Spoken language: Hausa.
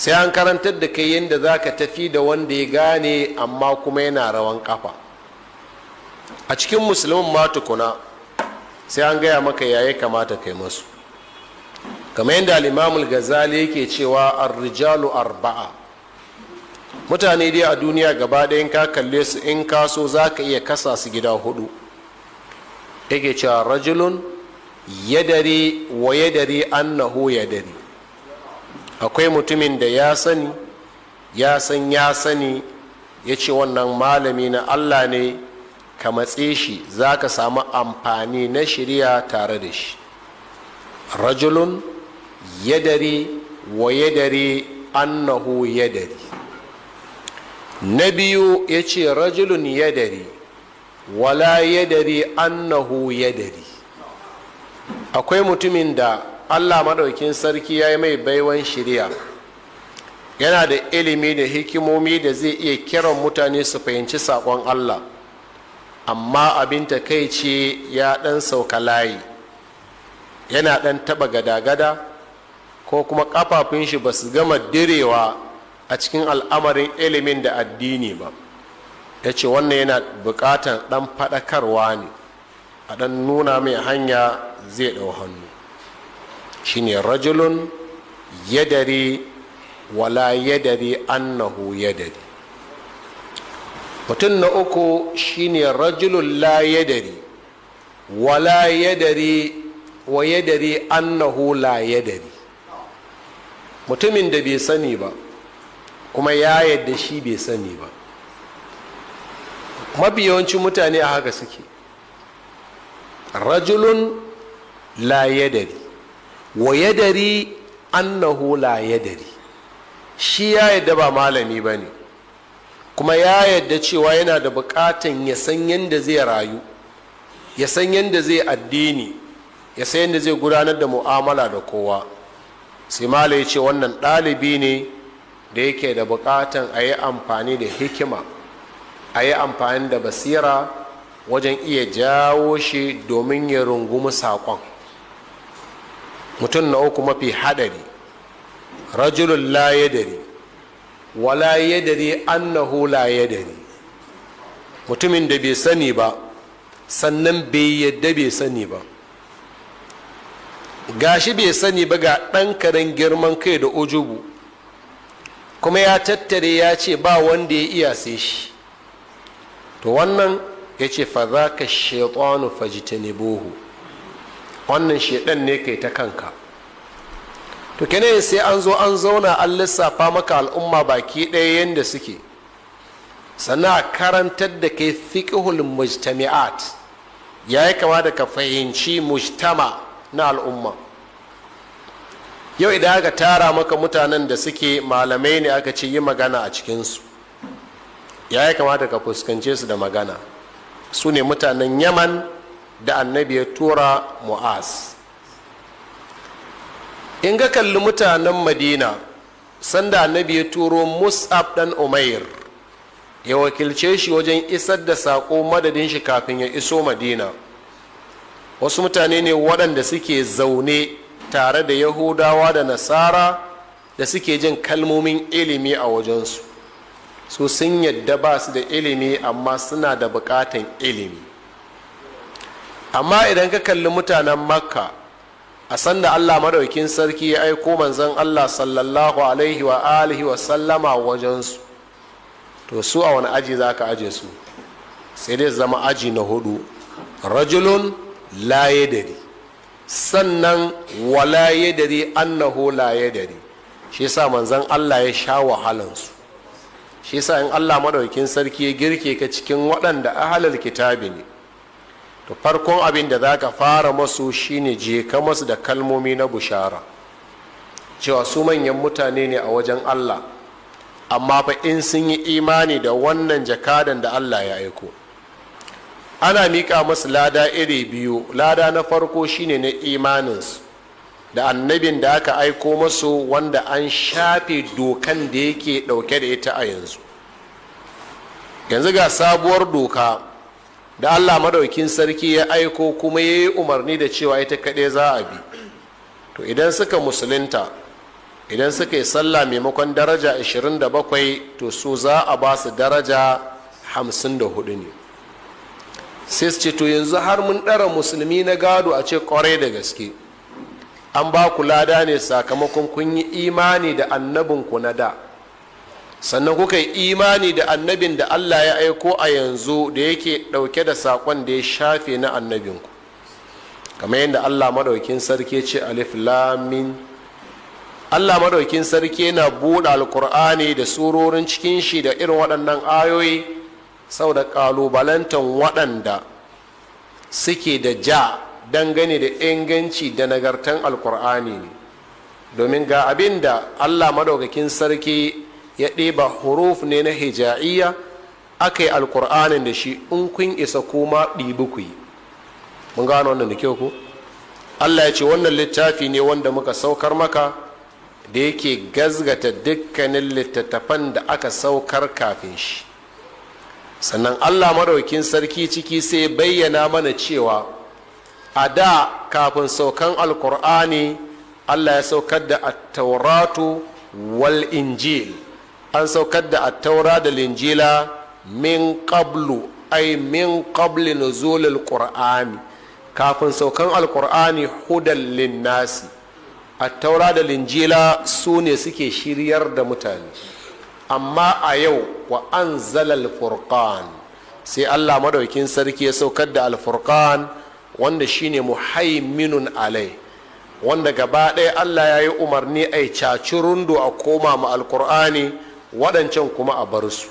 sai an karantar da kai yadda za ka tafi da wanda ya gane amma kuma yana rawan kafa a cikin musulmin ma tukuna sai an gaya maka yaya kamata kai masu kamar yadda al'imamul gazali yake cewa arrijalu arba'a mutane dai a duniya gaba ɗaya ka kalle su in ka so za ka iya kasa su gida hudu yake cewa rajulun yadari wa yadari annahu yadari akwai mutumin da ya sani ya san ya sani ya ce wannan malami na allah ne ka matse shi za ka samu amfani na shirya tare da shi rajulun yadari wa yadari annahu yadari na biyu ya ce rajulun yadari wala yadari annahu yadari akwai mutumin da allah maɗaukin sarki ya yi mai baiwan shirya yana da ilimi da hikimomi da zai iya kiran mutane su fahimci saƙon allah amma abin ce ya ɗan sauka layi yana ɗan taɓa gada-gada ko kuma ƙafafun shi ba su gama direwa a cikin al'amarin ilimin da addini ba ya ce wannan yana buƙatar ɗan faɗakarwa ne a ɗan nuna mai hanya zai ɗau hannu shine rajulun yadari wala yadari annahu yadari mutum na uku shine rajulun la yadari wala yadari wa yadari annahu la yadari mutumin da bai sani ba kuma ya yadda shi bai sani ba mafi yawancin mutane a haka suke rajulun la yadari wa yadari annahu la yadari shi ya yadda ba malami ba ne kuma ya yadda cewa yana da bukatan ya san yadda zai rayu ya san yadda zai addini ya san yadda zai gudanar da mu'amala da kowa sai mala ya ce wannan ɗalibi ne da yake da bukatan a yi amfani da hikima a yi amfani da basira wajen iya jawo shi domin ya rungumi saƙon mutum na uku mafi haɗari rajulun la yadari wa la annahu la mutumin da bai sani ba sannan bai yadda bai sani ba gashi bai sani ba ga ɗan karen girman kai da ujubu kuma ya tattare ya ce ba wanda ya iya sai shi to wannan ya ce fa za ka shaitanu fajitanibuhu wannan shedan ne kai ta kanka to kenan sai an zo an zauna an lissafa maka al'umma baki ɗaya yadda suke sannan a karantar da kai fiqhul mujtami'at ya yi kama da ka fahimci mujtama na al'umma yau idan aka tara maka mutanen da suke malamai ne aka ce yi magana a cikinsu ya yi da ka fuskance su da magana su ne mutanen yaman da annabi ya tura mu'az in ga kalli mutanen madina sanda annabi ya turo mus'ab dan umair ya wakilce shi wajen isar da saƙo madadin shi kafin ya iso madina wasu mutane ne waɗanda suke zaune tare da yahudawa da nasara da suke jin kalmomin ilimi a wajensu su sun yadda ba su da ilimi amma suna da bukatan ilimi amma idan ka kalli mutanen makka a sanda allah maɗaukin sarki ya aiko manzon allah sallallahu alaihi wa alihi wa sallama wajensu to su a wani aji za ka aje su sai dai zama aji na hudu rajulun laye dari sannan wala yadari annahu laye dari shi sa manzon allah ya sha wahalansu shi sa in allah maɗaukin sarki ya girke ka cikin waɗanda ahalar kitabi ne to farkon abin da za ka fara masu shine je ka masu da kalmomi na bushara cewa su manyan mutane ne a wajen allah amma fa in sun yi imani da wannan jakadan da allah ya aiko ana miƙa masu lada iri biyu lada na farko shine na imaninsu da annabin da aka aiko masu wanda an shafe dokan da yake ɗauke da ita a yanzu yanzu ga sabuwar doka da allah madaukin sarki ya aiko kuma ya yi umarni da cewa ita kaɗai za a bi to idan suka musulunta idan suka yi sallah maimakon daraja 27 to su za a ba su daraja 54 ne sai su ce to yanzu har mun ɗara musulmi na gado a ce kwarai da gaske an ba ku lada ne sakamakon kun yi imani da annabinku na da sannan kuka yi imani da annabin da allah ya aiko a yanzu da yake ɗauke da sakon da ya shafe na annabinku kamar yadda allah madaukin sarki ce alif lamin allah maɗaukin sarki yana buɗe alkur'ani da surorin cikin shi da irin waɗannan ayoyi sau da ƙalubalantan waɗanda suke da ja dangane da inganci da nagartan alkur'ani ne domin ga abin da allah maɗaukakin sarki ya ɗeba huruf ne na hija'iyya aka yi alkur'anin da shi in kun isa kuma ɗibi ku yi mun gano wannan da kyau ku allah ya ce wannan littafi ne wanda muka saukar maka da yake gazgata dukkanin littattafan da aka saukar kafin shi sannan allah maraukin sarki ciki sai bayyana mana cewa a da kafin saukan alkur'ani allah ya saukar da attauratu wal injil an saukar da attaura da linjila min qablu ay min qabli nuzulil qur'ani kafin saukan alqur'ani hudan linnasi attaura da linjila su ne suke shiryar da mutane amma a yau wa anzalal furqan sai Allah madaukin sarki ya saukar da alfurqan wanda shine muhaiminun alai wanda gaba ɗaya Allah ya yi umarni a caci rundo a koma ma alkur'ani waɗancan kuma a bar su